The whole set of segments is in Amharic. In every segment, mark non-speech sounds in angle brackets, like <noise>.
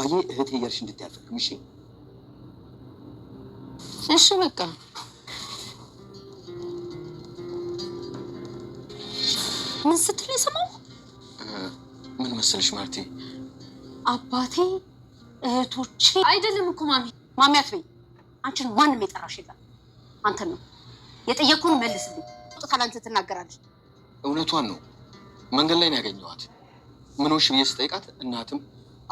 አባዬ እህቴ እያልሽ እንድትያልፈልግ ምሽ እሺ በቃ ምን ስትል ስማው ምን መሰለሽ ማርቲ፣ አባቴ እህቶቼ አይደለም እኮ ማሚ ማሚያት አትበይ። አንቺን ማንም የጠራሽ የለም አንተ ነው የጠየኩን መልስልኝ። ካላንተ ትናገራለች። እውነቷን ነው። መንገድ ላይ ነው ያገኘኋት። ምን ሆንሽ ብዬ ስጠይቃት እናትም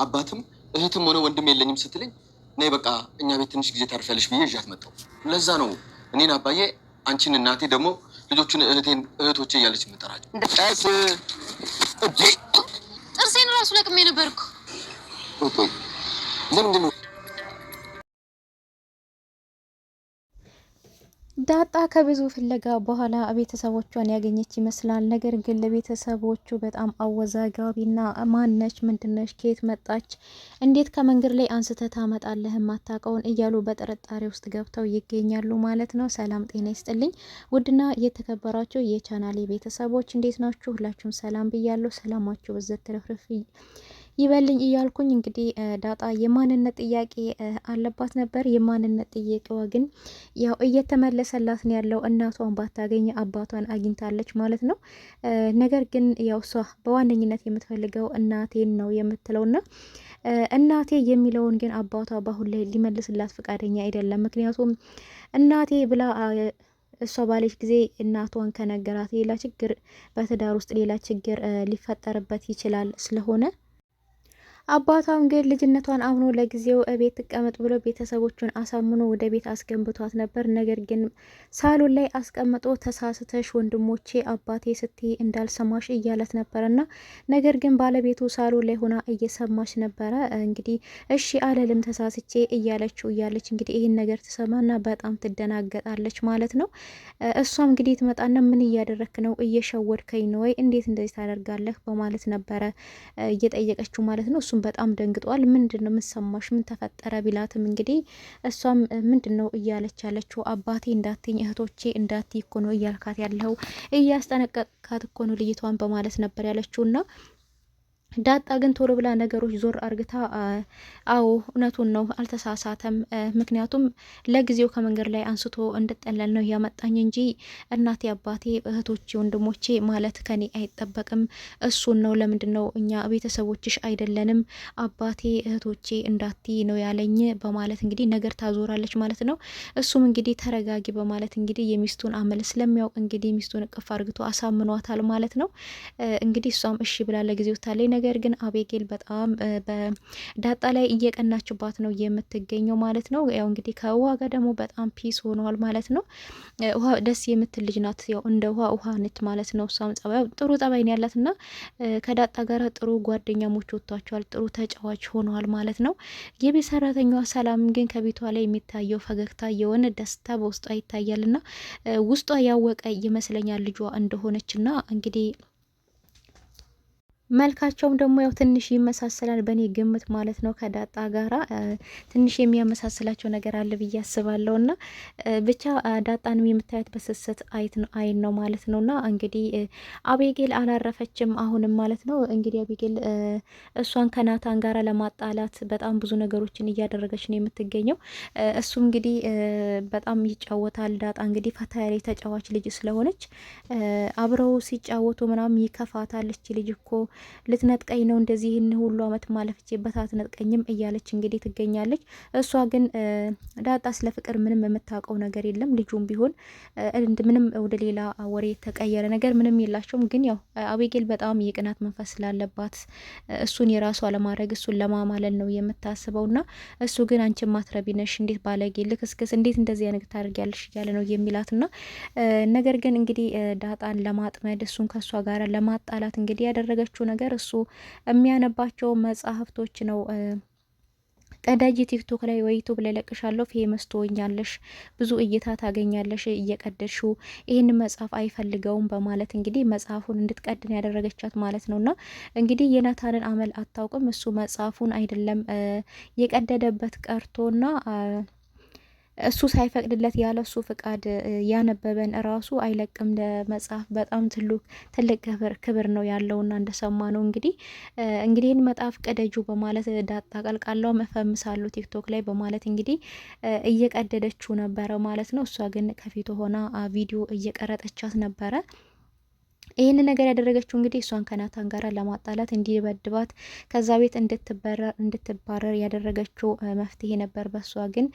አባትም እህትም ሆነ ወንድም የለኝም ስትልኝ ነይ በቃ እኛ ቤት ትንሽ ጊዜ ታርፊያለሽ ብዬ እዣት መጣው። ለዛ ነው እኔን አባዬ አንቺን እናቴ ደግሞ ልጆቹን እህቴን እህቶች እያለች የምጠራቸው። ጥርሴን ራሱ ለቅሜ ነበርኩ። ለምንድን ነው ዳጣ ከብዙ ፍለጋ በኋላ ቤተሰቦቿን ያገኘች ይመስላል። ነገር ግን ለቤተሰቦቹ በጣም አወዛጋቢና ማነች፣ ምንድነች፣ ከየት መጣች፣ እንዴት ከመንገድ ላይ አንስተ ታመጣለህ ማታቀውን እያሉ በጥርጣሬ ውስጥ ገብተው ይገኛሉ ማለት ነው። ሰላም ጤና ይስጥልኝ ውድና የተከበራችሁ የቻናሌ ቤተሰቦች እንዴት ናችሁ? ሁላችሁም ሰላም ብያለሁ። ሰላማችሁ በዘት ትረፍርፍ ይበልኝ እያልኩኝ እንግዲህ ዳጣ የማንነት ጥያቄ አለባት ነበር። የማንነት ጥያቄዋ ግን ያው እየተመለሰላት ነው ያለው። እናቷን ባታገኝ አባቷን አግኝታለች ማለት ነው። ነገር ግን ያው እሷ በዋነኝነት የምትፈልገው እናቴን ነው የምትለውና እናቴ የሚለውን ግን አባቷ በአሁን ላይ ሊመልስላት ፈቃደኛ አይደለም። ምክንያቱም እናቴ ብላ እሷ ባለች ጊዜ እናቷን ከነገራት ሌላ ችግር በትዳር ውስጥ ሌላ ችግር ሊፈጠርበት ይችላል ስለሆነ አባቷም ግን ልጅነቷን አምኖ ለጊዜው እቤት ትቀመጥ ብሎ ቤተሰቦቹን አሳምኖ ወደ ቤት አስገንብቷት ነበር። ነገር ግን ሳሎን ላይ አስቀምጦ ተሳስተሽ ወንድሞቼ አባቴ ስትይ እንዳልሰማሽ እያለት ነበረና ነገር ግን ባለቤቱ ሳሎን ላይ ሆና እየሰማች ነበረ። እንግዲህ እሺ አለልም ተሳስቼ እያለችው እያለች እንግዲህ ይህን ነገር ትሰማና በጣም ትደናገጣለች ማለት ነው። እሷም እንግዲህ ትመጣና ምን እያደረክ ነው? እየሸወድከኝ ነው ወይ? እንዴት እንደዚህ ታደርጋለህ? በማለት ነበረ እየጠየቀችው ማለት ነው። እሱ እሱም በጣም ደንግጧል። ምንድን ነው የምሰማሽ? ምን ተፈጠረ ቢላትም እንግዲህ እሷም ምንድን ነው እያለች ያለችው አባቴ እንዳትኝ እህቶቼ እንዳት እኮ ነው እያልካት ያለው እያስጠነቀቅካት እኮ ነው ልይቷን በማለት ነበር ያለችውና ዳጣ ግን ቶሎ ብላ ነገሮች ዞር አርግታ፣ አዎ እውነቱን ነው አልተሳሳተም። ምክንያቱም ለጊዜው ከመንገድ ላይ አንስቶ እንድጠለል ነው ያመጣኝ እንጂ እናቴ፣ አባቴ፣ እህቶቼ፣ ወንድሞቼ ማለት ከኔ አይጠበቅም። እሱን ነው ለምንድን ነው እኛ ቤተሰቦችሽ አይደለንም አባቴ፣ እህቶቼ እንዳቲ ነው ያለኝ በማለት እንግዲህ ነገር ታዞራለች ማለት ነው። እሱም እንግዲህ ተረጋጊ በማለት እንግዲህ የሚስቱን አመል ስለሚያውቅ እንግዲህ ሚስቱን እቅፍ አርግቶ አሳምኗታል ማለት ነው። እንግዲህ እሷም እሺ ብላ ለጊዜው ታለይ ነገር ነገር ግን አቤጌል በጣም በዳጣ ላይ እየቀናችባት ነው የምትገኘው ማለት ነው። ያው እንግዲህ ከውሃ ጋር ደግሞ በጣም ፒስ ሆነዋል ማለት ነው። ውሃ ደስ የምትል ልጅ ናት። ያው እንደ ውሃ ውሃ ነች ማለት ነው። እሷም ጸባይ ጥሩ ጸባይ ነው ያላት እና ከዳጣ ጋር ጥሩ ጓደኛሞች ወጥቷቸዋል። ጥሩ ተጫዋች ሆነዋል ማለት ነው። የቤት ሰራተኛዋ ሰላም ግን ከቤቷ ላይ የሚታየው ፈገግታ የሆነ ደስታ በውስጧ ይታያልና ውስጧ ያወቀ ይመስለኛል ልጇ እንደሆነችና እንግዲህ መልካቸውም ደግሞ ያው ትንሽ ይመሳሰላል በእኔ ግምት ማለት ነው። ከዳጣ ጋራ ትንሽ የሚያመሳስላቸው ነገር አለ ብዬ አስባለሁ። እና ብቻ ዳጣንም የምታያት በስስት አይን ነው ማለት ነው። እና እንግዲህ አቤጌል አላረፈችም አሁንም ማለት ነው። እንግዲህ አቤጌል እሷን ከናታን ጋራ ለማጣላት በጣም ብዙ ነገሮችን እያደረገች ነው የምትገኘው። እሱ እንግዲህ በጣም ይጫወታል። ዳጣ እንግዲህ ፈታ ያለ ተጫዋች ልጅ ስለሆነች አብረው ሲጫወቱ ምናምን ይከፋታል። ልጅ እኮ ልትነጥቀኝ ነው እንደዚህ ይህን ሁሉ አመት ማለፍ አትነጥቀኝም እያለች እንግዲህ ትገኛለች። እሷ ግን ዳጣ ስለ ፍቅር ምንም የምታውቀው ነገር የለም። ልጁም ቢሆን ምንም ወደ ሌላ ወሬ የተቀየረ ነገር ምንም የላቸውም። ግን ያው አቤጌል በጣም የቅናት መንፈስ ስላለባት እሱን የራሷ ለማድረግ እሱን ለማማለል ነው የምታስበው። ና እሱ ግን አንቺ ማትረቢ ነሽ፣ እንዴት ባለጌ ልክስክስ፣ እንዴት እንደዚህ አይነት ታደርጊያለሽ እያለ ነው የሚላት ና ነገር ግን እንግዲህ ዳጣን ለማጥመድ እሱን ከእሷ ጋር ለማጣላት እንግዲህ ያደረገችው ነገር እሱ የሚያነባቸው መጽሐፍቶች ነው። ቀዳጅ ቲክቶክ ላይ ወይ ዩቱብ ላይ ለቅሻለሁ፣ ፌመስ ትሆኛለሽ፣ ብዙ እይታ ታገኛለሽ እየቀደሹ ይህን መጽሐፍ አይፈልገውም በማለት እንግዲህ መጽሐፉን እንድትቀድን ያደረገቻት ማለት ነውና እንግዲህ የናታንን አመል አታውቅም። እሱ መጽሐፉን አይደለም የቀደደበት ቀርቶና እሱ ሳይፈቅድለት ያለ እሱ ፍቃድ ያነበበን እራሱ አይለቅም ለመጽሐፍ በጣም ትልቅ ትልቅ ክብር ነው ያለውና እንደሰማ ነው እንግዲህ እንግዲህ ይህን መጽሐፍ ቀደጁ በማለት ዳጣ ቀልቃለው መፈምሳሉ ቲክቶክ ላይ በማለት እንግዲህ እየቀደደችው ነበረ ማለት ነው። እሷ ግን ከፊቱ ሆና ቪዲዮ እየቀረጠቻት ነበረ። ይህን ነገር ያደረገችው እንግዲህ እሷን ከናታን ጋር ለማጣላት እንዲበድባት ከዛ ቤት እንድትባረር ያደረገችው መፍትሄ ነበር። በእሷ ግን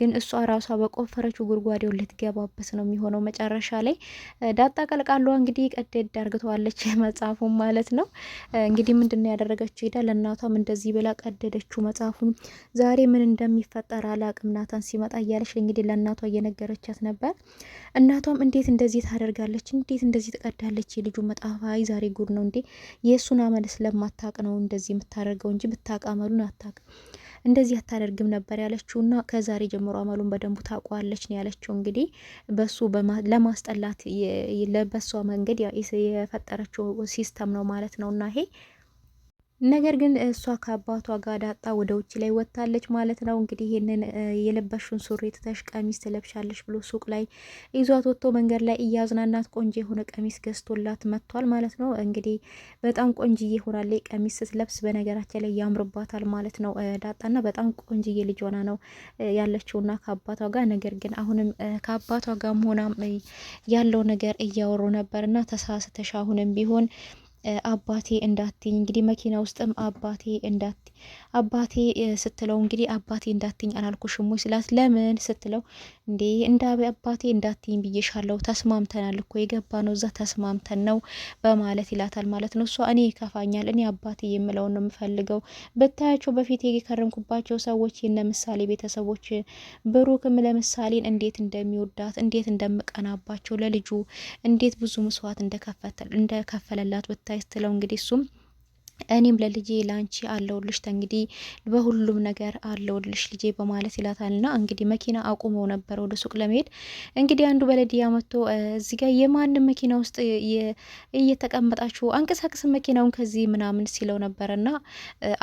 ግን እሷ ራሷ በቆፈረችው ጉድጓዴው ልትገባበት ነው የሚሆነው። መጨረሻ ላይ ዳጣ ቀልቃሏ እንግዲህ ቀደድ አርግተዋለች <laughs> መጽሐፉን ማለት ነው። እንግዲህ ምንድን ነው ያደረገችው? ሄዳ ለእናቷም እንደዚህ ብላ ቀደደችው መጽሐፉን። ዛሬ ምን እንደሚፈጠር አላቅም ናታን ሲመጣ እያለች እንግዲህ ለእናቷ እየነገረቻት ነበር። እናቷም እንዴት እንደዚህ ታደርጋለች? እንዴት እንደዚህ ትወዳለች። የልጁ መጣፋ ዛሬ ጉድ ነው እንዴ! የእሱን አመል ስለማታቅ ነው እንደዚህ የምታደርገው እንጂ ብታቅ አመሉን አታቅ እንደዚህ አታደርግም ነበር ያለችው እና ከዛሬ ጀምሮ አመሉን በደንቡ ታውቋለች ነው ያለችው። እንግዲህ በሱ ለማስጠላት ለበሷ መንገድ የፈጠረችው ሲስተም ነው ማለት ነው እና ይሄ ነገር ግን እሷ ከአባቷ ጋር ዳጣ ወደ ውጭ ላይ ወጥታለች ማለት ነው። እንግዲህ ይህንን የለበሽውን ሱሪ ትተሽ ቀሚስ ትለብሻለች ብሎ ሱቅ ላይ ይዟት ወጥቶ መንገድ ላይ እያዝናናት ቆንጆ የሆነ ቀሚስ ገዝቶላት መጥቷል ማለት ነው። እንግዲህ በጣም ቆንጅዬ ሆናለች። ቀሚስ ስትለብስ በነገራችን ላይ ያምርባታል ማለት ነው። ዳጣና በጣም ቆንጅዬ ልጅ ሆና ነው ያለችውና ከአባቷ ጋር ነገር ግን አሁንም ከአባቷ ጋር ሆና ያለው ነገር እያወሩ ነበርና ተሳስተሽ አሁንም ቢሆን አባቴ እንዳትኝ እንግዲህ መኪና ውስጥም አባቴ እንዳት አባቴ ስትለው እንግዲህ አባቴ እንዳትኝ አላልኩሽም ወይ ስላት ለምን ስትለው እንዴ እንደ አባቴ እንዳትኝ ብዬሻለሁ ተስማምተናል እኮ የገባ ነው እዛ ተስማምተን ነው በማለት ይላታል ማለት ነው። እሷ እኔ ይከፋኛል፣ እኔ አባቴ የምለውን ነው የምፈልገው። ብታያቸው በፊት የከረምኩባቸው ሰዎች የነ ምሳሌ ቤተሰቦች ብሩክም ለምሳሌን እንዴት እንደሚወዳት እንዴት እንደምቀናባቸው ለልጁ እንዴት ብዙ መስዋዕት እንደከፈለላት este long gris እኔም ለልጄ ላንቺ አለውልሽ እንግዲህ በሁሉም ነገር አለውልሽ ልጄ በማለት ይላታልና እንግዲህ መኪና አቁመው ነበር ወደ ሱቅ ለመሄድ እንግዲህ አንዱ በለድያ መጥቶ እዚህ ጋር የማንም መኪና ውስጥ እየተቀመጣችሁ አንቀሳቅስ መኪናውን ከዚህ ምናምን ሲለው ነበርና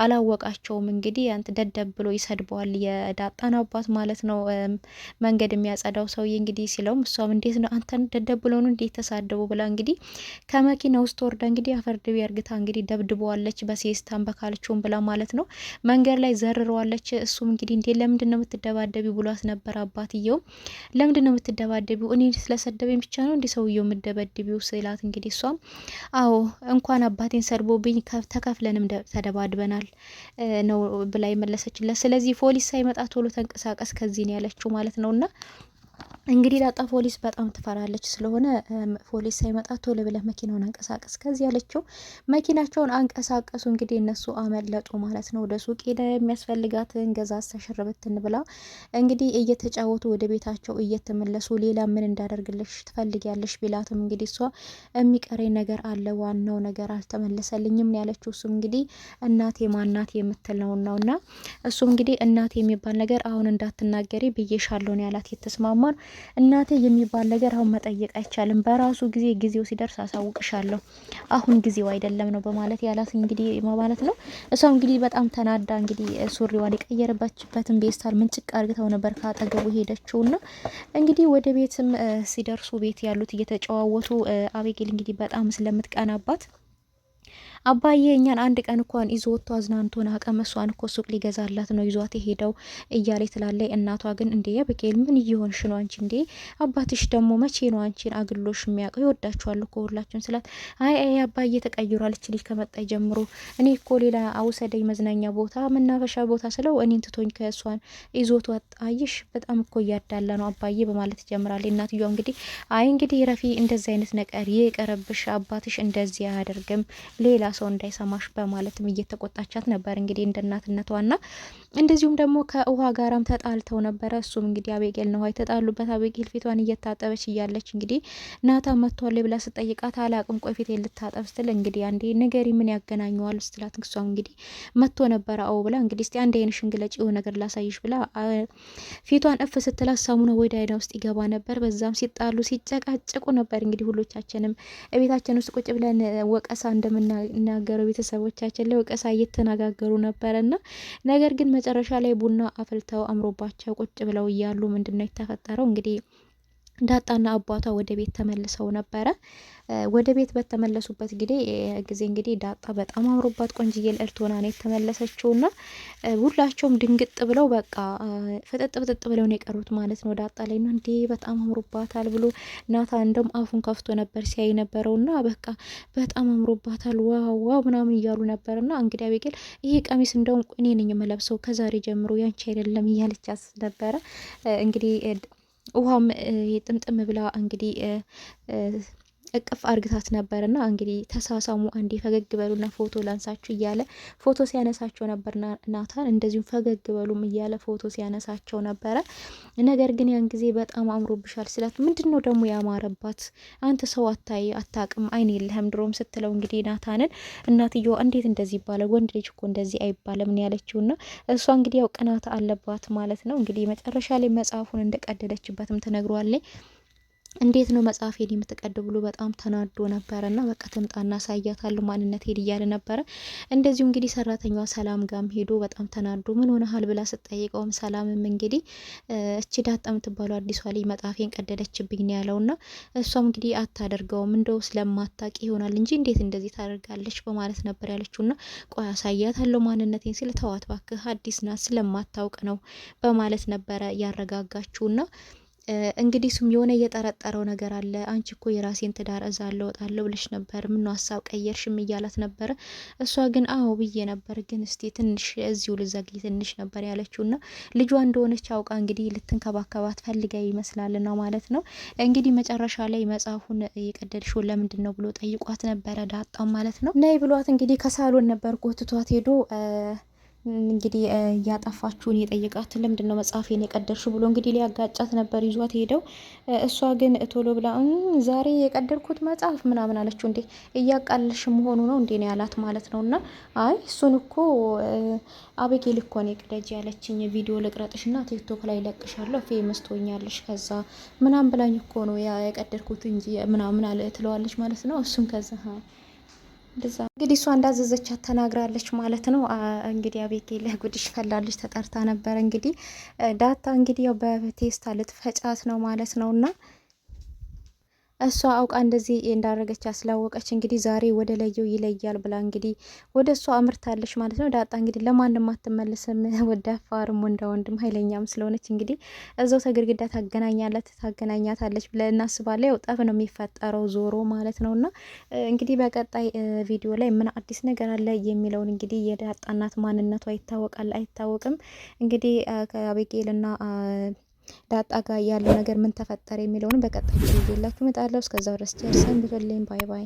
አላወቃቸውም። እንግዲህ አንተ ደደብ ብሎ ይሰድበዋል የዳጣን አባት ማለት ነው። መንገድ የሚያጸዳው ሰውዬ እንግዲህ ሲለውም እሷም እንዴት ነው አንተን ደደብ ብሎ ነው እንዴት ተሳደቡ ብላ እንግዲህ ከመኪና ውስጥ ወርዳ እንግዲህ አፈርድቤ እርግታ እንግዲህ ደብድበዋለች። ብላለች። በሴስት አንበካለችውን ብላ ማለት ነው። መንገድ ላይ ዘርረዋለች። እሱም እንግዲህ እንዴ ለምንድን ነው የምትደባደቢ ብሏት ነበር። አባትየው ለምንድን ነው የምትደባደቢው? እኔ ስለሰደበኝ ብቻ ነው እንዲ ሰውየው የምደበድቢው ስላት እንግዲህ እሷም አዎ እንኳን አባቴን ሰድቦብኝ ተከፍለንም ተደባድበናል ነው ብላ የመለሰችለት። ስለዚህ ፖሊስ ሳይመጣ ቶሎ ተንቀሳቀስ ከዚህ ነው ያለችው ማለት ነውና እንግዲህ ዳጣ ፖሊስ በጣም ትፈራለች። ስለሆነ ፖሊስ ሳይመጣ ቶሎ ብለህ መኪናውን አንቀሳቀስ ከዚህ ያለችው መኪናቸውን አንቀሳቀሱ። እንግዲህ እነሱ አመለጡ ማለት ነው። ወደ ሱቅ ሄደ የሚያስፈልጋትን ገዛ ተሸርበትን ብላ እንግዲህ እየተጫወቱ ወደ ቤታቸው እየተመለሱ ሌላ ምን እንዳደርግልሽ ትፈልጊያለሽ ቢላትም እንግዲህ እሷ የሚቀረኝ ነገር አለ፣ ዋናው ነገር አልተመለሰልኝም ነው ያለችው። እሱም እንግዲህ እናቴ ማናት የምትል ነው ነው እና እሱም እንግዲህ እናቴ የሚባል ነገር አሁን እንዳትናገሪ ብዬሻለሁ ነው ያላት። የተስማማን እናቴ የሚባል ነገር አሁን መጠየቅ አይቻልም። በራሱ ጊዜ ጊዜው ሲደርስ አሳውቅሻለሁ፣ አሁን ጊዜው አይደለም ነው በማለት ያላት እንግዲህ ማለት ነው። እሷ እንግዲህ በጣም ተናዳ እንግዲህ ሱሪዋን የቀየረበችበትን ቤስታል ምንጭቅ አርግተው ነበር ከአጠገቡ ሄደችው ና እንግዲህ ወደ ቤትም ሲደርሱ ቤት ያሉት እየተጨዋወቱ አቤጌል እንግዲህ በጣም ስለምትቀናባት አባዬ እኛን አንድ ቀን እንኳን ይዞ ወጥቶ አዝናንቶን አቀመሷን እኮ ሱቅ ሊገዛላት ነው ይዟት የሄደው እያሌ ትላለይ። እናቷ ግን እንዴ ብኬል ምን እየሆንሽ ነው አንቺ? እንዴ አባትሽ ደግሞ መቼ ነው አንቺን አግሎሽ የሚያውቀው? ይወዳችኋል እኮ ሁላችሁም ስላት፣ አይ አይ አባዬ ተቀይሯል እች ልጅ ከመጣ ጀምሮ እኔ እኮ ሌላ አውሰደኝ መዝናኛ ቦታ መናፈሻ ቦታ ስለው እኔን ትቶኝ ከእሷን ይዞት ወጣ። አየሽ በጣም እኮ እያዳላ ነው አባዬ በማለት ትጀምራለች። እናትየዋ እንግዲህ አይ እንግዲህ ረፊ እንደዚህ አይነት ነቀር ይቀረብሽ አባትሽ እንደዚህ አያደርግም ሌላ ሰው እንዳይሰማሽ በማለትም እየተቆጣቻት ነበር። እንግዲህ እንደ እናትነቷና እንደዚሁም ደግሞ ከውሃ ጋራም ተጣልተው ነበረ። እሱም እንግዲህ አቤጌል ነው የተጣሉበት። አቤጌል ፊቷን እየታጠበች እያለች እንግዲህ ናታ መጥቷል ብላ ስጠይቃት አላቅም፣ ቆይ ፊቴን ልታጠብ ስትል እንግዲህ አንዴ ንገሪ ምን ያገናኘዋል ስትላት እሷም እንግዲህ መጥቶ ነበረ አው ብላ እንግዲህ እስቲ አንድ አይንሽን ግለጪ የሆነ ነገር ላሳይሽ ብላ ፊቷን እፍ ስትላት ሳሙና ወደ አይና ውስጥ ይገባ ነበር። በዛም ሲጣሉ ሲጨቃጨቁ ነበር። እንግዲህ ሁሎቻችንም ቤታችን ውስጥ ቁጭ ብለን ወቀሳ እንደምና ሲናገሩ ቤተሰቦቻችን ላይ ወቀሳ እየተነጋገሩ እና ነገር ግን መጨረሻ ላይ ቡና አፍልተው አምሮባቸው ቁጭ ብለው እያሉ ምንድነው የተፈጠረው እንግዲህ ዳጣና አባቷ ወደ ቤት ተመልሰው ነበረ። ወደ ቤት በተመለሱበት ጊዜ ጊዜ እንግዲህ ዳጣ በጣም አምሮባት ቆንጅዬ ልዕልት ሆና ነው የተመለሰችው ና ሁላቸውም ድንግጥ ብለው በቃ ፍጥጥ ፍጥጥ ብለው ነው የቀሩት ማለት ነው። ዳጣ ላይ ና እንዴ በጣም አምሮባታል ብሎ ናታ እንደም አፉን ከፍቶ ነበር ሲያይ ነበረው ና በቃ በጣም አምሮባታል ዋው ዋው ምናምን እያሉ ነበር ና እንግዲህ አቤጌል ይሄ ቀሚስ እንደውም እኔ ነኝ የምለብሰው ከዛሬ ጀምሮ ያንቺ አይደለም እያለች ነበረ እንግዲህ ውሃም የጥምጥም ብላ እንግዲህ እቅፍ አርግታት ነበርና እንግዲህ ተሳሳሙ፣ አንዴ ፈገግ በሉና ፎቶ ላንሳችሁ እያለ ፎቶ ሲያነሳቸው ነበር ናታን። እንደዚሁም ፈገግ በሉም እያለ ፎቶ ሲያነሳቸው ነበረ። ነገር ግን ያን ጊዜ በጣም አምሮብሻል ስላት ምንድን ነው ደግሞ ያማረባት አንተ ሰው አታይ አታቅም አይን የለህም ድሮም ስትለው እንግዲህ ናታንን እናትየዋ እንዴት እንደዚህ ይባላል ወንድ ልጅ እኮ እንደዚህ አይባልም ነው ያለችውና እሷ እንግዲህ ያው ቅናት አለባት ማለት ነው። እንግዲህ መጨረሻ ላይ መጽሐፉን እንደቀደደችበትም ተነግሯል። እንዴት ነው መጽሐፍ ሄድ የምትቀድ ብሎ በጣም ተናዶ ነበረ እና በቃ ትምጣና ሳያታለሁ ማንነት ሄድ እያለ ነበረ። እንደዚሁ እንግዲህ ሰራተኛዋ ሰላም ጋም ሄዶ በጣም ተናዶ ምን ሆነሃል ብላ ስጠይቀውም ሰላምም እንግዲህ እቺ ዳጣ የምትባለው አዲሷ ልጅ መጽሐፌን ቀደደችብኝ ነው ያለው እና እሷም እንግዲህ አታደርገውም እንደው ስለማታቂ ይሆናል እንጂ እንዴት እንደዚህ ታደርጋለች በማለት ነበር ያለችው። እና ቆይ አሳያታለሁ ማንነቴን ስል ተዋት አዲስ ናት ስለማታውቅ ነው በማለት ነበረ ያረጋጋችውና እንግዲህ ሱም የሆነ እየጠረጠረው ነገር አለ። አንቺ እኮ የራሴን ትዳር እዛለሁ እወጣለሁ ብለሽ ነበር፣ ምነው ሀሳብ ቀየርሽም እያላት ነበረ። እሷ ግን አዎ ብዬ ነበር፣ ግን እስቲ ትንሽ እዚሁ ልዘግ ትንሽ ነበር ያለችው እና ልጇ እንደሆነች አውቃ እንግዲህ ልትንከባከባት ፈልጋ ይመስላል ነው ማለት ነው። እንግዲህ መጨረሻ ላይ መጽሐፉን የቀደድሽውን ለምንድን ነው ብሎ ጠይቋት ነበረ ዳጣም ማለት ነው። ነይ ብሏት እንግዲህ ከሳሎን ነበር ጎትቷት ሄዶ እንግዲህ እያጠፋችሁን የጠየቃት ለምንድን ነው መጽሐፌን የቀደርሽ ብሎ እንግዲህ ሊያጋጫት ነበር ይዟት ሄደው። እሷ ግን ቶሎ ብላ ዛሬ የቀደርኩት መጽሐፍ ምናምን አለችው። እንዴ እያቃለሽ መሆኑ ነው እንዴ ነው ያላት ማለት ነው። እና አይ እሱን እኮ አቤጌል እኮ ነው ቅደጅ ያለችኝ ቪዲዮ ልቅረጥሽ እና ቲክቶክ ላይ ለቅሻለሁ ፌመስ ትሆኛለሽ ከዛ ምናምን ብላኝ እኮ ነው የቀደርኩት እንጂ ምናምን አለ ትለዋለች ማለት ነው። እሱም ከዛ እንግዲህ እሷ እንዳዘዘቻት ተናግራለች ማለት ነው። እንግዲህ አቤጌል ጉድሽ ፈላለች ተጠርታ ነበረ። እንግዲህ ዳታ እንግዲህ ያው በቴስታ ልትፈጫት ነው ማለት ነው እና እሷ አውቃ እንደዚህ እንዳረገች ያስላወቀች እንግዲህ ዛሬ ወደ ለየው ይለያል ብላ እንግዲህ ወደ እሷ አምርታለች ማለት ነው። ዳጣ እንግዲህ ለማንም <laughs> ወደ አፋርም ወንደ ወንድም ኃይለኛም ስለሆነች እንግዲህ እዛው ተግርግዳ ታገናኛለት ታገናኛታለች ብለን እናስባለን። ያው ጠብ ነው የሚፈጠረው ዞሮ ማለት ነው። እና እንግዲህ በቀጣይ ቪዲዮ ላይ ምን አዲስ ነገር አለ የሚለውን እንግዲህ የዳጣ እናት ማንነቷ ይታወቃል አይታወቅም እንግዲህ ከአቤጌልና ዳጣ ጋር ያለው ነገር ምን ተፈጠረ የሚለውን በቀጣይ ይዤላችሁ እመጣለሁ። እስከዛው ድረስ ቸር ሰንብቱልኝ። ባይ ባይ።